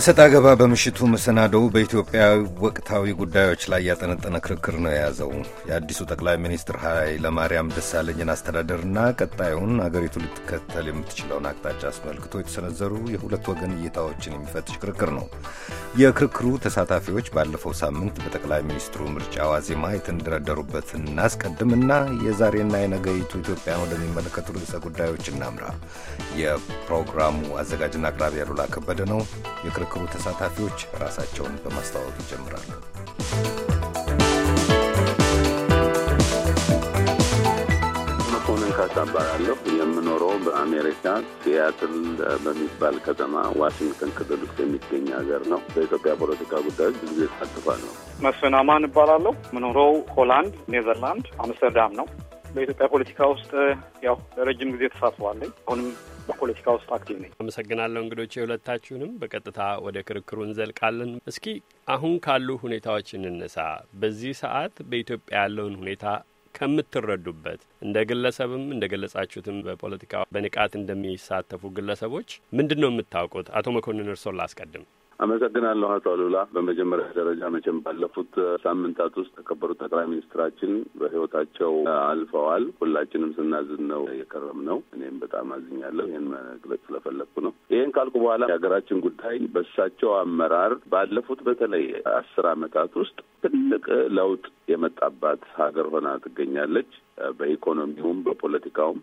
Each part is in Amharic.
እሰጥ አገባ በምሽቱ መሰናደው በኢትዮጵያ ወቅታዊ ጉዳዮች ላይ ያጠነጠነ ክርክር ነው የያዘው። የአዲሱ ጠቅላይ ሚኒስትር ኃይለማርያም ደሳለኝን አስተዳደርና ቀጣዩን አገሪቱ ልትከተል የምትችለውን አቅጣጫ አስመልክቶ የተሰነዘሩ የሁለት ወገን እይታዎችን የሚፈትሽ ክርክር ነው። የክርክሩ ተሳታፊዎች ባለፈው ሳምንት በጠቅላይ ሚኒስትሩ ምርጫ ዋዜማ የተንደረደሩበትን እናስቀድምና የዛሬና የነገይቱ ኢትዮጵያን ወደሚመለከቱ ርዕሰ ጉዳዮች እናምራ። የፕሮግራሙ አዘጋጅና አቅራቢ አሉላ ከበደ ነው። የምክሩ ተሳታፊዎች ራሳቸውን በማስተዋወቅ ይጀምራሉ። መኮንን ካሳ እባላለሁ። የምኖረው በአሜሪካ ሲያትል በሚባል ከተማ ዋሽንግተን ክልል ውስጥ የሚገኝ ሀገር ነው። በኢትዮጵያ ፖለቲካ ጉዳዮች ብዙ ጊዜ እሳተፋለሁ። መስፍን አማን እባላለሁ። ምኖረው ሆላንድ፣ ኔዘርላንድ አምስተርዳም ነው። በኢትዮጵያ ፖለቲካ ውስጥ ያው ረጅም ጊዜ ተሳትፏለኝ አሁንም በፖለቲካ ውስጥ አክቲቭ ነኝ። አመሰግናለሁ እንግዶች የሁለታችሁንም። በቀጥታ ወደ ክርክሩ እንዘልቃለን። እስኪ አሁን ካሉ ሁኔታዎች እንነሳ። በዚህ ሰዓት በኢትዮጵያ ያለውን ሁኔታ ከምትረዱበት እንደ ግለሰብም እንደ ገለጻችሁትም በፖለቲካ በንቃት እንደሚሳተፉ ግለሰቦች ምንድን ነው የምታውቁት? አቶ መኮንን እርሶን ላስቀድም። አመሰግናለሁ አቶ አሉላ። በመጀመሪያ ደረጃ መቼም ባለፉት ሳምንታት ውስጥ ተከበሩት ጠቅላይ ሚኒስትራችን በህይወታቸው አልፈዋል። ሁላችንም ስናዝን ነው የከረም ነው። እኔም በጣም አዝኛለሁ። ይህን መግለጽ ስለፈለግኩ ነው። ይህን ካልኩ በኋላ የሀገራችን ጉዳይ በእሳቸው አመራር ባለፉት በተለይ አስር ዓመታት ውስጥ ትልቅ ለውጥ የመጣባት ሀገር ሆና ትገኛለች። በኢኮኖሚውም በፖለቲካውም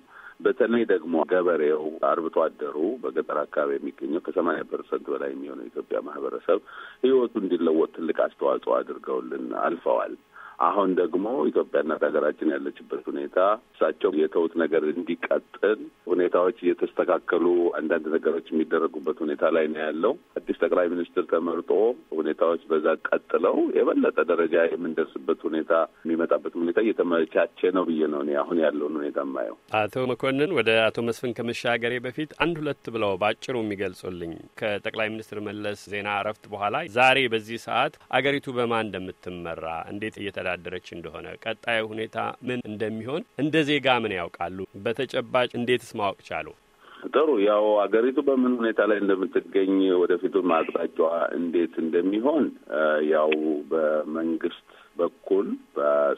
በተለይ ደግሞ ገበሬው አርብቶ አደሩ በገጠር አካባቢ የሚገኘው ከሰማኒያ ፐርሰንት በላይ የሚሆነው የኢትዮጵያ ማህበረሰብ ህይወቱ እንዲለወጥ ትልቅ አስተዋጽኦ አድርገውልን አልፈዋል። አሁን ደግሞ ኢትዮጵያና ሀገራችን ያለችበት ሁኔታ እሳቸው የተውት ነገር እንዲቀጥል ሁኔታዎች እየተስተካከሉ አንዳንድ ነገሮች የሚደረጉበት ሁኔታ ላይ ነው ያለው። አዲስ ጠቅላይ ሚኒስትር ተመርጦ ሁኔታዎች በዛ ቀጥለው የበለጠ ደረጃ የምንደርስበት ሁኔታ የሚመጣበት ሁኔታ እየተመቻቸ ነው ብዬ ነው እኔ አሁን ያለውን ሁኔታ ማየው። አቶ መኮንን ወደ አቶ መስፍን ከመሻገሬ በፊት አንድ ሁለት ብለው በአጭሩ የሚገልጹልኝ ከጠቅላይ ሚኒስትር መለስ ዜና እረፍት በኋላ ዛሬ በዚህ ሰዓት አገሪቱ በማን እንደምትመራ እንዴት እየተዳ እየተወዳደረች እንደሆነ ቀጣዩ ሁኔታ ምን እንደሚሆን እንደ ዜጋ ምን ያውቃሉ? በተጨባጭ እንዴትስ ማወቅ ቻሉ? ጥሩ ያው አገሪቱ በምን ሁኔታ ላይ እንደምትገኝ ወደፊቱ ማቅጣጫዋ እንዴት እንደሚሆን ያው በመንግስት በኩል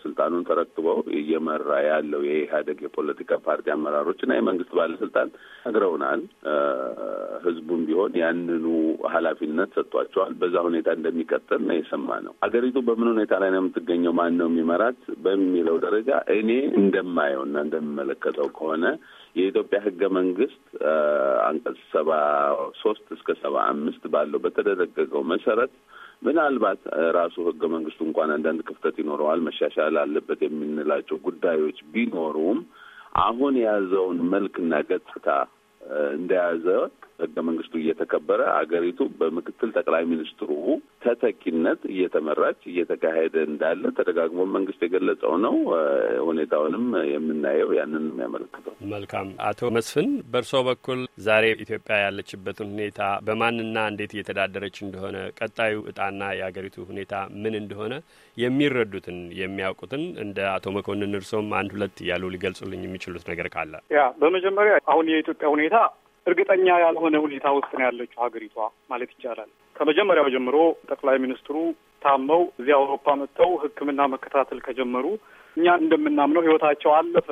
ስልጣኑን ተረክበው እየመራ ያለው የኢህአዴግ የፖለቲካ ፓርቲ አመራሮች እና የመንግስት ባለስልጣን ነግረውናል። ህዝቡም ቢሆን ያንኑ ኃላፊነት ሰጥቷቸዋል። በዛ ሁኔታ እንደሚቀጥል ነው ነው። ሀገሪቱ በምን ሁኔታ ላይ ነው የምትገኘው፣ ማን ነው የሚመራት በሚለው ደረጃ እኔ እንደማየው እና እንደሚመለከተው ከሆነ የኢትዮጵያ ህገ መንግስት አንቀጽ ሰባ ሶስት እስከ ሰባ አምስት ባለው በተደረገገው መሰረት ምናልባት ራሱ ህገ መንግስቱ እንኳን አንዳንድ ክፍተት ይኖረዋል፣ መሻሻል አለበት የምንላቸው ጉዳዮች ቢኖሩም አሁን የያዘውን መልክና ገጽታ እንደያዘ ህገ መንግስቱ እየተከበረ አገሪቱ በምክትል ጠቅላይ ሚኒስትሩ ተተኪነት እየተመራች እየተካሄደ እንዳለ ተደጋግሞ መንግስት የገለጸው ነው። ሁኔታውንም የምናየው ያንን የሚያመለክተው። መልካም አቶ መስፍን፣ በእርሶ በኩል ዛሬ ኢትዮጵያ ያለችበትን ሁኔታ በማንና እንዴት እየተዳደረች እንደሆነ ቀጣዩ እጣና የአገሪቱ ሁኔታ ምን እንደሆነ የሚረዱትን የሚያውቁትን እንደ አቶ መኮንን እርሶም አንድ ሁለት እያሉ ሊገልጹልኝ የሚችሉት ነገር ካለ ያ በመጀመሪያ አሁን የኢትዮጵያ ሁኔታ እርግጠኛ ያልሆነ ሁኔታ ውስጥ ነው ያለችው ሀገሪቷ ማለት ይቻላል። ከመጀመሪያው ጀምሮ ጠቅላይ ሚኒስትሩ ታመው እዚህ አውሮፓ መጥተው ሕክምና መከታተል ከጀመሩ እኛ እንደምናምነው ህይወታቸው አለፈ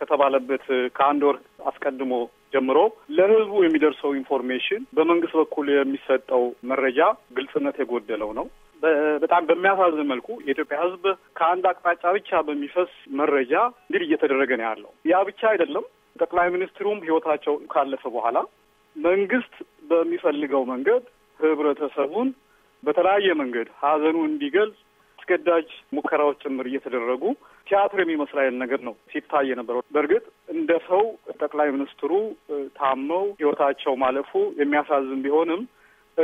ከተባለበት ከአንድ ወር አስቀድሞ ጀምሮ ለህዝቡ የሚደርሰው ኢንፎርሜሽን በመንግስት በኩል የሚሰጠው መረጃ ግልጽነት የጎደለው ነው። በጣም በሚያሳዝን መልኩ የኢትዮጵያ ህዝብ ከአንድ አቅጣጫ ብቻ በሚፈስ መረጃ እንግዲህ እየተደረገ ነው ያለው። ያ ብቻ አይደለም። ጠቅላይ ሚኒስትሩም ህይወታቸው ካለፈ በኋላ መንግስት በሚፈልገው መንገድ ህብረተሰቡን በተለያየ መንገድ ሀዘኑ እንዲገልጽ አስገዳጅ ሙከራዎች ጭምር እየተደረጉ ቲያትር የሚመስል አይነት ነገር ነው ሲታይ የነበረው። በእርግጥ እንደ ሰው ጠቅላይ ሚኒስትሩ ታመው ህይወታቸው ማለፉ የሚያሳዝን ቢሆንም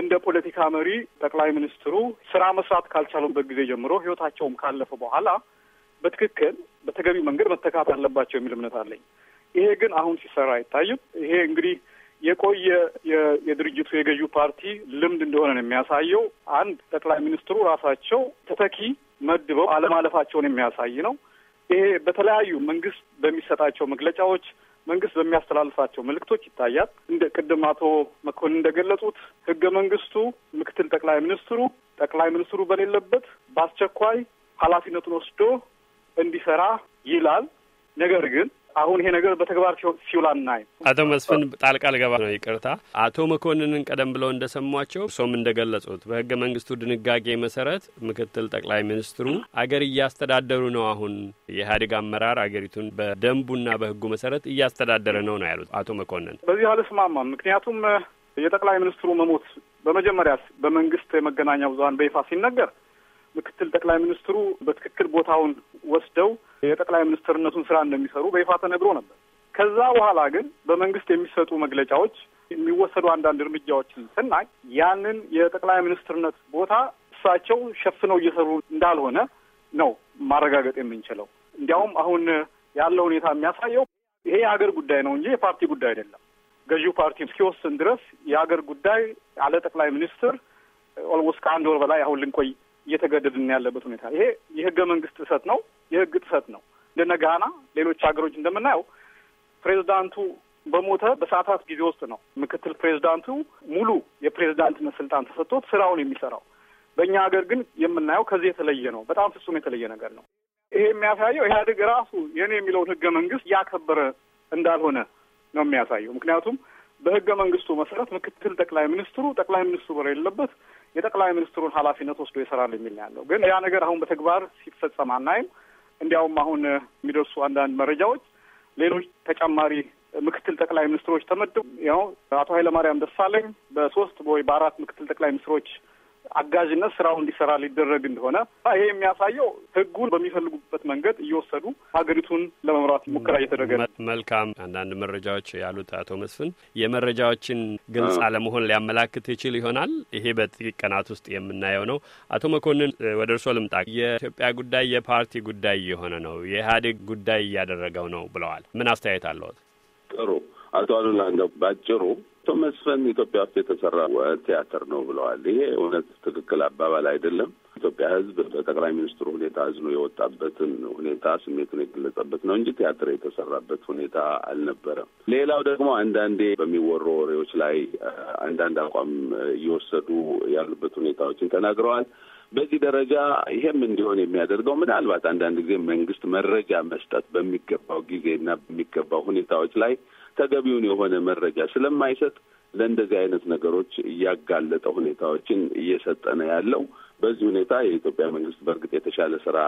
እንደ ፖለቲካ መሪ ጠቅላይ ሚኒስትሩ ስራ መስራት ካልቻሉበት ጊዜ ጀምሮ ህይወታቸውም ካለፈ በኋላ በትክክል በተገቢው መንገድ መተካት አለባቸው የሚል እምነት አለኝ። ይሄ ግን አሁን ሲሰራ አይታይም። ይሄ እንግዲህ የቆየ የድርጅቱ የገዢው ፓርቲ ልምድ እንደሆነ ነው የሚያሳየው። አንድ ጠቅላይ ሚኒስትሩ ራሳቸው ተተኪ መድበው አለማለፋቸውን የሚያሳይ ነው። ይሄ በተለያዩ መንግስት በሚሰጣቸው መግለጫዎች መንግስት በሚያስተላልፋቸው መልእክቶች ይታያል። እንደ ቅድም አቶ መኮንን እንደገለጹት ህገ መንግስቱ ምክትል ጠቅላይ ሚኒስትሩ ጠቅላይ ሚኒስትሩ በሌለበት በአስቸኳይ ኃላፊነቱን ወስዶ እንዲሰራ ይላል። ነገር ግን አሁን ይሄ ነገር በተግባር ሲውል አናይም። አቶ መስፍን ጣልቃ ልገባ ነው ይቅርታ። አቶ መኮንንን ቀደም ብለው እንደሰሟቸው እርሶም እንደገለጹት በህገ መንግስቱ ድንጋጌ መሰረት ምክትል ጠቅላይ ሚኒስትሩ አገር እያስተዳደሩ ነው። አሁን የኢህአዴግ አመራር አገሪቱን በደንቡና በህጉ መሰረት እያስተዳደረ ነው ነው ያሉት አቶ መኮንን። በዚህ አልስማማም። ምክንያቱም የጠቅላይ ሚኒስትሩ መሞት በመጀመሪያ በመንግስት የመገናኛ ብዙሀን በይፋ ሲነገር ምክትል ጠቅላይ ሚኒስትሩ በትክክል ቦታውን ወስደው የጠቅላይ ሚኒስትርነቱን ስራ እንደሚሰሩ በይፋ ተነግሮ ነበር። ከዛ በኋላ ግን በመንግስት የሚሰጡ መግለጫዎች፣ የሚወሰዱ አንዳንድ እርምጃዎችን ስናይ ያንን የጠቅላይ ሚኒስትርነት ቦታ እሳቸው ሸፍነው እየሰሩ እንዳልሆነ ነው ማረጋገጥ የምንችለው። እንዲያውም አሁን ያለው ሁኔታ የሚያሳየው ይሄ የሀገር ጉዳይ ነው እንጂ የፓርቲ ጉዳይ አይደለም። ገዢው ፓርቲ እስኪወስን ድረስ የሀገር ጉዳይ አለ ጠቅላይ ሚኒስትር ኦልሞስት ከአንድ ወር በላይ አሁን ልንቆይ እየተገደድን ያለበት ሁኔታ ይሄ የህገ መንግስት ጥሰት ነው፣ የህግ ጥሰት ነው። እንደነ ጋና፣ ሌሎች ሀገሮች እንደምናየው ፕሬዚዳንቱ በሞተ በሰዓታት ጊዜ ውስጥ ነው ምክትል ፕሬዚዳንቱ ሙሉ የፕሬዚዳንትነት ስልጣን ተሰጥቶት ስራውን የሚሰራው። በእኛ ሀገር ግን የምናየው ከዚህ የተለየ ነው። በጣም ፍጹም የተለየ ነገር ነው። ይሄ የሚያሳየው ኢህአዴግ ራሱ የኔ የሚለውን ህገ መንግስት እያከበረ እንዳልሆነ ነው የሚያሳየው። ምክንያቱም በህገ መንግስቱ መሰረት ምክትል ጠቅላይ ሚኒስትሩ ጠቅላይ ሚኒስትሩ በሌለበት የጠቅላይ ሚኒስትሩን ኃላፊነት ወስዶ ይሰራል የሚል ነው ያለው። ግን ያ ነገር አሁን በተግባር ሲፈጸም አናይም። እንዲያውም አሁን የሚደርሱ አንዳንድ መረጃዎች ሌሎች ተጨማሪ ምክትል ጠቅላይ ሚኒስትሮች ተመድበው ያው አቶ ኃይለማርያም ደሳለኝ በሶስት ወይ በአራት ምክትል ጠቅላይ ሚኒስትሮች አጋዥነት ስራው እንዲሰራ ሊደረግ እንደሆነ ይሄ የሚያሳየው ህጉን በሚፈልጉበት መንገድ እየወሰዱ ሀገሪቱን ለመምራት ሙከራ እየተደረገ ነው። መልካም አንዳንድ መረጃዎች ያሉት አቶ መስፍን የመረጃዎችን ግልጽ አለመሆን ሊያመላክት ይችል ይሆናል። ይሄ በጥቂት ቀናት ውስጥ የምናየው ነው። አቶ መኮንን ወደ እርሶ ልምጣ። የኢትዮጵያ ጉዳይ የፓርቲ ጉዳይ የሆነ ነው፣ የኢህአዴግ ጉዳይ እያደረገው ነው ብለዋል። ምን አስተያየት አለዎት? ጥሩ አቶ አሉላ እንደው ባጭሩ አቶ መስፍን ኢትዮጵያ ውስጥ የተሰራ ቲያትር ነው ብለዋል። ይሄ እውነት ትክክል አባባል አይደለም። ኢትዮጵያ ሕዝብ በጠቅላይ ሚኒስትሩ ሁኔታ አዝኖ የወጣበትን ሁኔታ ስሜቱን የገለጸበት ነው እንጂ ቲያትር የተሰራበት ሁኔታ አልነበረም። ሌላው ደግሞ አንዳንዴ በሚወሩ ወሬዎች ላይ አንዳንድ አቋም እየወሰዱ ያሉበት ሁኔታዎችን ተናግረዋል። በዚህ ደረጃ ይሄም እንዲሆን የሚያደርገው ምናልባት አንዳንድ ጊዜ መንግስት መረጃ መስጠት በሚገባው ጊዜና በሚገባው ሁኔታዎች ላይ ተገቢውን የሆነ መረጃ ስለማይሰጥ ለእንደዚህ አይነት ነገሮች እያጋለጠ ሁኔታዎችን እየሰጠነ ያለው። በዚህ ሁኔታ የኢትዮጵያ መንግስት በእርግጥ የተሻለ ስራ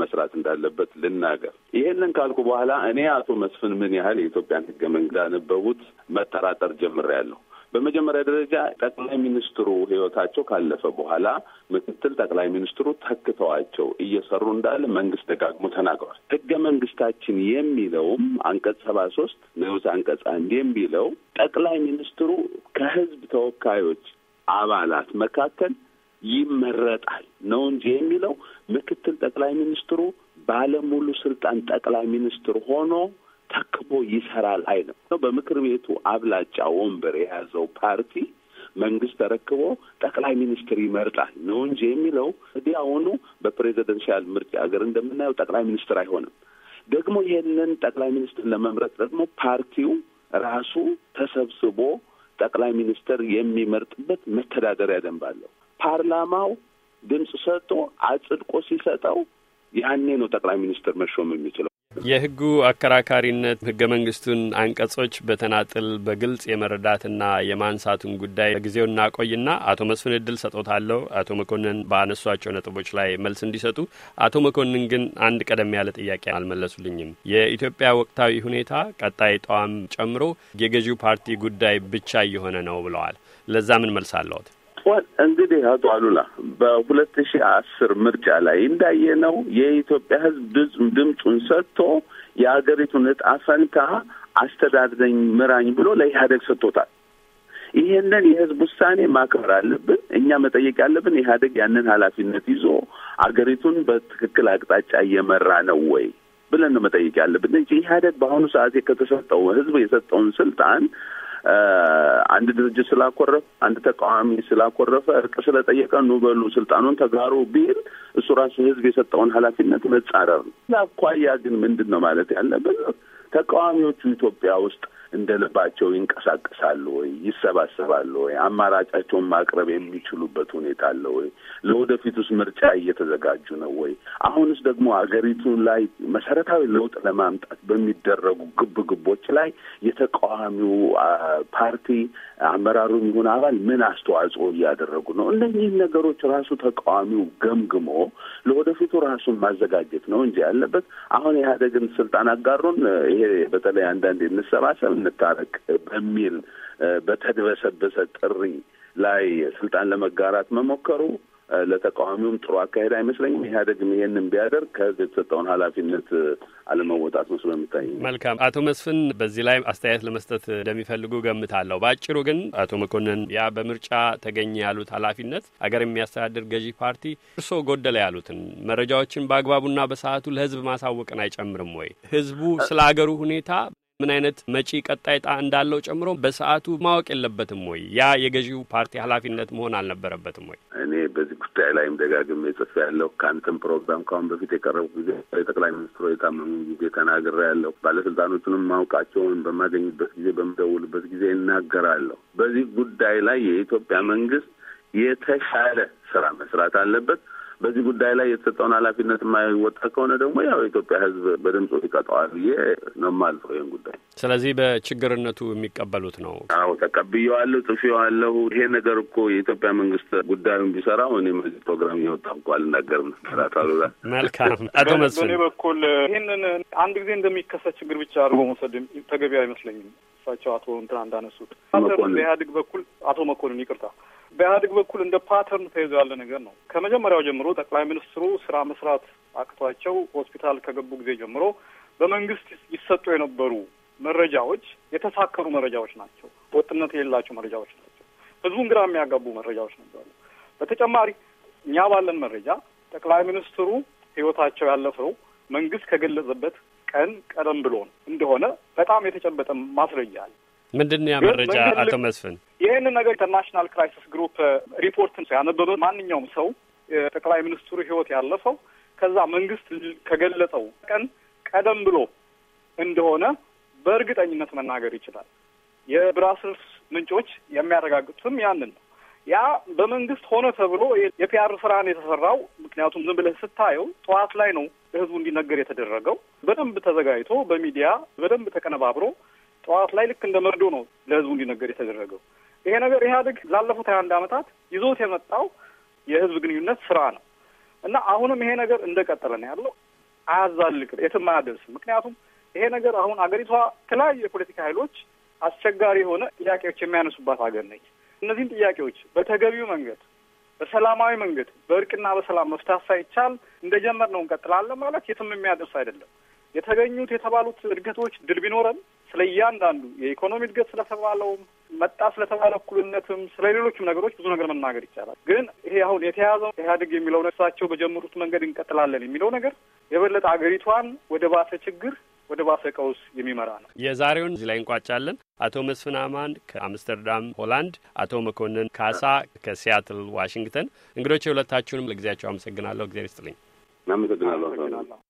መስራት እንዳለበት ልናገር። ይህንን ካልኩ በኋላ እኔ አቶ መስፍን ምን ያህል የኢትዮጵያን ህገ መንግስት እንዳነበቡት መጠራጠር ጀምሬያለሁ። በመጀመሪያ ደረጃ ጠቅላይ ሚኒስትሩ ህይወታቸው ካለፈ በኋላ ምክትል ጠቅላይ ሚኒስትሩ ተክተዋቸው እየሰሩ እንዳለ መንግስት ደጋግሞ ተናግሯል። ህገ መንግስታችን የሚለውም አንቀጽ ሰባ ሶስት ንዑስ አንቀጽ አንድ የሚለው ጠቅላይ ሚኒስትሩ ከህዝብ ተወካዮች አባላት መካከል ይመረጣል ነው እንጂ የሚለው ምክትል ጠቅላይ ሚኒስትሩ ባለሙሉ ስልጣን ጠቅላይ ሚኒስትር ሆኖ ታክቦ ይሰራል አይነት ነው። በምክር ቤቱ አብላጫ ወንበር የያዘው ፓርቲ መንግስት ተረክቦ ጠቅላይ ሚኒስትር ይመርጣል ነው እንጂ የሚለው አሁኑ በፕሬዚደንሻል ምርጫ ሀገር እንደምናየው ጠቅላይ ሚኒስትር አይሆንም። ደግሞ ይህንን ጠቅላይ ሚኒስትር ለመምረጥ ደግሞ ፓርቲው ራሱ ተሰብስቦ ጠቅላይ ሚኒስትር የሚመርጥበት መተዳደሪያ ደንብ አለው። ፓርላማው ድምፅ ሰጥቶ አጽድቆ ሲሰጠው ያኔ ነው ጠቅላይ ሚኒስትር መሾም የሚችለው። የህጉ አከራካሪነት ህገ መንግስቱን አንቀጾች በተናጥል በግልጽ የመረዳትና የማንሳቱን ጉዳይ ጊዜው እናቆይና አቶ መስፍን እድል ሰጦታለሁ። አቶ መኮንን በአነሷቸው ነጥቦች ላይ መልስ እንዲሰጡ። አቶ መኮንን ግን አንድ ቀደም ያለ ጥያቄ አልመለሱልኝም። የኢትዮጵያ ወቅታዊ ሁኔታ ቀጣይ ጠዋም ጨምሮ የገዢው ፓርቲ ጉዳይ ብቻ እየሆነ ነው ብለዋል። ለዛ ምን መልስ አለዎት? እንኳን እንግዲህ አቶ አሉላ በሁለት ሺህ አስር ምርጫ ላይ እንዳየነው የኢትዮጵያ ሕዝብ ድምፁን ሰጥቶ የሀገሪቱን ዕጣ ፈንታ አስተዳድረኝ ምራኝ ብሎ ለኢህአደግ ሰጥቶታል። ይህንን የህዝብ ውሳኔ ማክበር አለብን። እኛ መጠየቅ ያለብን ኢህአደግ ያንን ኃላፊነት ይዞ አገሪቱን በትክክል አቅጣጫ እየመራ ነው ወይ ብለን ነው መጠየቅ ያለብን እንጂ ኢህአደግ በአሁኑ ሰዓት ከተሰጠው ህዝብ የሰጠውን ስልጣን አንድ ድርጅት ስላኮረፈ፣ አንድ ተቃዋሚ ስላኮረፈ፣ እርቅ ስለጠየቀ ኑ በሉ ስልጣኑን ተጋሩ ቢል እሱ ራሱ ህዝብ የሰጠውን ኃላፊነት መጻረር ነው። አኳያ ግን ምንድን ነው ማለት ያለብን ተቃዋሚዎቹ ኢትዮጵያ ውስጥ እንደ ልባቸው ይንቀሳቀሳሉ ወይ? ይሰባሰባሉ ወይ? አማራጫቸውን ማቅረብ የሚችሉበት ሁኔታ አለ ወይ? ለወደፊቱስ ምርጫ እየተዘጋጁ ነው ወይ? አሁንስ ደግሞ አገሪቱ ላይ መሰረታዊ ለውጥ ለማምጣት በሚደረጉ ግብ ግቦች ላይ የተቃዋሚው ፓርቲ አመራሩ ይሁን አባል ምን አስተዋጽኦ እያደረጉ ነው? እነዚህን ነገሮች ራሱ ተቃዋሚው ገምግሞ ለወደፊቱ ራሱን ማዘጋጀት ነው እንጂ ያለበት አሁን ኢህአዴግን ስልጣን አጋሩን ይሄ በተለይ አንዳንድ እንሰባሰብ እንታረቅ በሚል በተድበሰበሰ ጥሪ ላይ ስልጣን ለመጋራት መሞከሩ ለተቃዋሚውም ጥሩ አካሄድ አይመስለኝም። ኢህአዴግም ይሄንን ቢያደርግ ከህዝብ የተሰጠውን ኃላፊነት አለመወጣት መስሎ የሚታይ መልካም። አቶ መስፍን በዚህ ላይ አስተያየት ለመስጠት እንደሚፈልጉ ገምታለሁ። በአጭሩ ግን አቶ መኮንን ያ በምርጫ ተገኘ ያሉት ኃላፊነት አገር የሚያስተዳድር ገዢ ፓርቲ እርሶ ጎደለ ያሉትን መረጃዎችን በአግባቡና በሰዓቱ ለህዝብ ማሳወቅን አይጨምርም ወይ? ህዝቡ ስለ አገሩ ሁኔታ ምን አይነት መጪ ቀጣይ ጣ እንዳለው ጨምሮ በሰዓቱ ማወቅ የለበትም ወይ? ያ የገዢው ፓርቲ ኃላፊነት መሆን አልነበረበትም ወይ? እኔ በዚህ ጉዳይ ላይም ደጋግሜ ጽፌ ያለው ከአንተም ፕሮግራም ከአሁን በፊት የቀረቡ ጊዜ የጠቅላይ ሚኒስትሩ የታመሙ ጊዜ ተናግሬ ያለሁ ባለስልጣኖቹንም ማውቃቸውን በማገኝበት ጊዜ በምደውልበት ጊዜ እናገራለሁ። በዚህ ጉዳይ ላይ የኢትዮጵያ መንግስት የተሻለ ስራ መስራት አለበት። በዚህ ጉዳይ ላይ የተሰጠውን ኃላፊነት የማይወጣ ከሆነ ደግሞ ያው የኢትዮጵያ ሕዝብ በድምፁ ይቀጠዋል ብዬ ነው የማልፈው ይህን ጉዳይ። ስለዚህ በችግርነቱ የሚቀበሉት ነው? አዎ ተቀብየዋለሁ፣ ጽፌዋለሁ። ይሄ ነገር እኮ የኢትዮጵያ መንግስት ጉዳዩን ቢሰራው እኔም በዚህ ፕሮግራም እየወጣ እኮ አልናገርም። ራታሉላ መልካም። አቶ መስፍን በኩል ይህንን አንድ ጊዜ እንደሚከሰት ችግር ብቻ አድርጎ መውሰድ ተገቢ አይመስለኝም። እሳቸው አቶ እንትና እንዳነሱት በኢህአዴግ በኩል አቶ መኮንን ይቅርታ በኢህአዴግ በኩል እንደ ፓተርን ተይዞ ያለ ነገር ነው። ከመጀመሪያው ጀምሮ ጠቅላይ ሚኒስትሩ ስራ መስራት አቅቷቸው ሆስፒታል ከገቡ ጊዜ ጀምሮ በመንግስት ይሰጡ የነበሩ መረጃዎች የተሳከሩ መረጃዎች ናቸው። ወጥነት የሌላቸው መረጃዎች ናቸው። ህዝቡን ግራ የሚያጋቡ መረጃዎች ነበሩ። በተጨማሪ እኛ ባለን መረጃ ጠቅላይ ሚኒስትሩ ህይወታቸው ያለፈው መንግስት ከገለጸበት ቀን ቀደም ብሎ እንደሆነ በጣም የተጨበጠ ማስረጃ አለ። ምንድን ነው ያ መረጃ አቶ መስፍን? ይህንን ነገር ኢንተርናሽናል ክራይሲስ ግሩፕ ሪፖርትን ያነበበ ማንኛውም ሰው የጠቅላይ ሚኒስትሩ ህይወት ያለፈው ከዛ መንግስት ከገለጸው ቀን ቀደም ብሎ እንደሆነ በእርግጠኝነት መናገር ይችላል። የብራስልስ ምንጮች የሚያረጋግጡትም ያንን ነው። ያ በመንግስት ሆነ ተብሎ የፒአር ስራን የተሰራው ምክንያቱም ዝም ብለህ ስታየው ጠዋት ላይ ነው ለህዝቡ እንዲነገር የተደረገው። በደንብ ተዘጋጅቶ በሚዲያ በደንብ ተቀነባብሮ ጠዋት ላይ ልክ እንደ መርዶ ነው ለህዝቡ እንዲነገር የተደረገው። ይሄ ነገር ኢህአዴግ ላለፉት ሀያ አንድ አመታት ይዞት የመጣው የህዝብ ግንኙነት ስራ ነው እና አሁንም ይሄ ነገር እንደቀጠለ ነው ያለው። አያዛልቅም፣ የትም አያደርስም። ምክንያቱም ይሄ ነገር አሁን አገሪቷ የተለያዩ የፖለቲካ ኃይሎች አስቸጋሪ የሆነ ጥያቄዎች የሚያነሱባት ሀገር ነች። እነዚህም ጥያቄዎች በተገቢው መንገድ በሰላማዊ መንገድ በእርቅና በሰላም መፍታት ሳይቻል ነው እንቀጥላለን ማለት የትም የሚያደርስ አይደለም። የተገኙት የተባሉት እድገቶች ድል ቢኖረን ስለ እያንዳንዱ የኢኮኖሚ እድገት ስለተባለውም መጣ ስለተባለ እኩልነትም ስለ ሌሎችም ነገሮች ብዙ ነገር መናገር ይቻላል። ግን ይሄ አሁን የተያዘው ኢህአዴግ የሚለው እሳቸው በጀመሩት መንገድ እንቀጥላለን የሚለው ነገር የበለጠ አገሪቷን ወደ ባሰ ችግር ወደ ባሰ ቀውስ የሚመራ ነው። የዛሬውን እዚህ ላይ እንቋጫለን። አቶ መስፍን አማን ከአምስተርዳም ሆላንድ፣ አቶ መኮንን ካሳ ከሲያትል ዋሽንግተን እንግዶች የሁለታችሁንም ለጊዜያቸው አመሰግናለሁ። እግዚአብሔር ይስጥልኝ። አመሰግናለሁ።